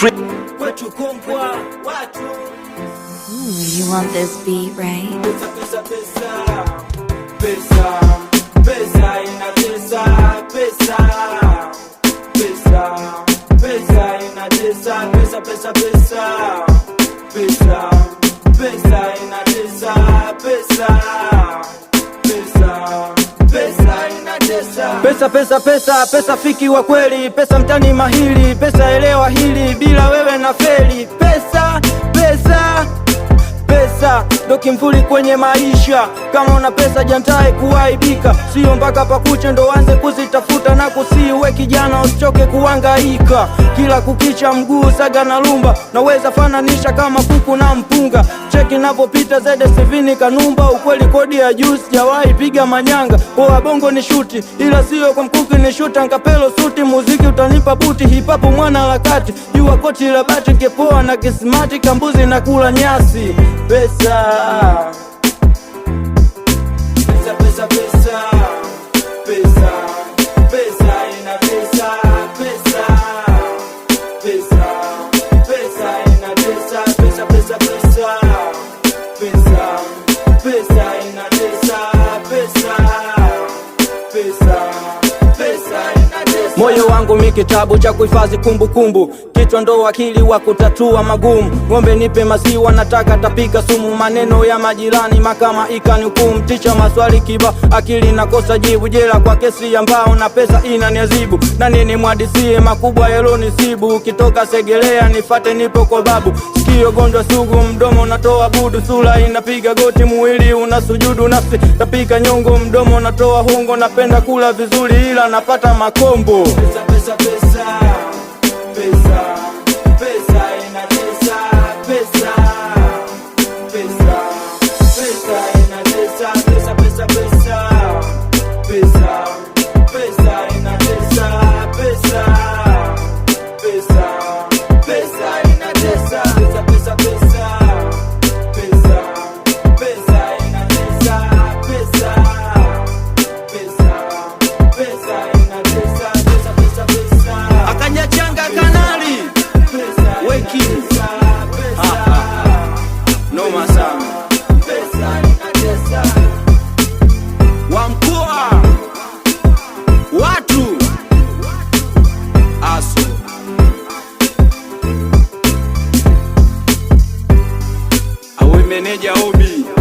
Mm, you want this beat, right? Pesa, pesa, pesa, inatesa, pesa, pesa, pesa, inatesa, pesa, pesa, pesa, pesa. Pesa pesa pesa pesa, fiki wa kweli, pesa mtani mahili, pesa elewa hili, bila wewe na feli kimvuli kwenye maisha. Kama una pesa jantae kuaibika, sio mpaka pakucha ndo anze kuzitafuta na kusiwe. Kijana usichoke kuangaika, kila kukicha mguu saga na lumba, naweza fananisha kama kuku na mpunga. Cheki napopita zede sivini kanumba, ukweli kodi ya juu sijawahi piga manyanga. Poa bongo ni shuti, ila sio kwa mkuki ni shuta nkapelo suti, muziki utanipa buti, hipapu mwana la kati, jua koti la bati, kepoa na kismati, kambuzi na kula nyasi pesa pesa pesa pesa pesa pesa pesa pesa pesa pesa ina pesa pesa pesa pesa pesa pesa ina pesa pesa pesa Moyo wangu mi kitabu cha kuhifadhi kumbukumbu, kichwa ndo wakili wa kutatua magumu. Ng'ombe nipe maziwa, nataka tapika sumu. Maneno ya majirani, makama ikanihukumu. Ticha maswali kiba, akili nakosa jibu. Jela kwa kesi ya mbao na pesa inaniazibu. Na nini mwadisie makubwa yalonisibu. Ukitoka Segelea nifate, nipo kwa babu. Sikio gondwa sugu, mdomo natoa budu. Sura inapiga goti, mwili unasujudu. Nafsi tapika nyongo, mdomo natoa hungo. Napenda kula vizuri, ila napata makombo Pesa, pesa, pesa meneja Obi.